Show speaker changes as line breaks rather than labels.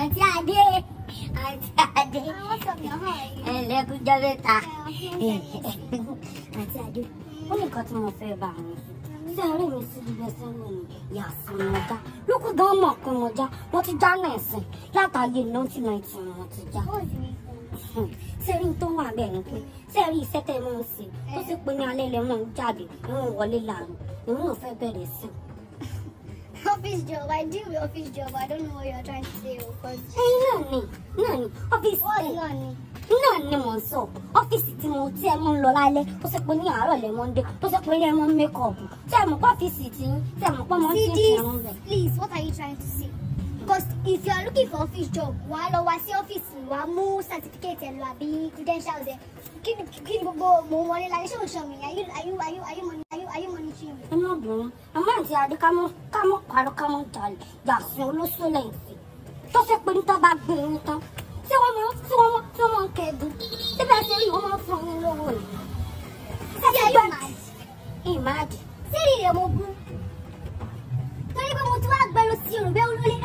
àti adé àti adé ẹlẹ́gúnjọ́ mẹ́ta àti adé ó ní nǹkan tí mo fẹ́ bá wọn sí àárẹ̀ mi sí ibi ẹsẹ̀ mi ni yàtọ̀ mọ̀já lókù gan mọ̀ pé mọ̀já wọ́n ti já náà sìn látàgé nọ́ọ̀tì náìtì wọn ti já sẹ́rí tó wà bẹ́ẹ̀ ni pé sẹ́rí iṣẹ́ tẹ̀ mọ́ ń sìn tó sì pé ní alẹ́ lẹ́wọ̀n jáde ìwọ̀n wọlé làárọ̀ ìwọ̀n fẹ́ bẹ̀rẹ̀ sìn. Office job. I do office job. I don't know what you're trying to say. Oh, hey office. Ẹyin náà ni náà ni ọ́fíìsì ẹ̀ náà ni náà ni mò ń sọ ọ́fíìsì tí mo tí ẹ mú ń lọ lálẹ́ tó ṣe pé ní àárọ̀ lẹ́ mọ́ ń dé tó ṣe pé ní ẹ mọ́ ń mékọ̀ọ̀bù tí ẹ mọ̀ pé ọ́fíìsì tí tí ẹ mọ̀ pé ọmọ tí ń fi ẹ̀rùn rẹ̀. Please, what are you trying to say? Because if you are looking for office job wà á lọ wá sí ọ́fíìsì wà á mú certificate ẹ̀ lọ àbí credentials ẹ̀ kí ni gbogbo mò ń wọlé lálẹ́ ṣé òṣèlú mi are you are you are you are you monitoring me? ẹ má bọ̀ wọ́n àǹtí adé ká mọ̀ ká mọ̀ parọ́ ká mọ̀ jalè jàsùn olóṣó tó fẹ́ pé nítorí bá gbé tán tí wọ́n mọ tí wọ́n mọ tí wọ́n mọ ń kẹ́dùn síbẹ̀ ṣe yìí wọ́n mọ fún yín lówó ni. ṣé ìgbà ìmáàdì. sí ìrè torí pé mo ti wá gbẹ́rù sí yorùbá olólè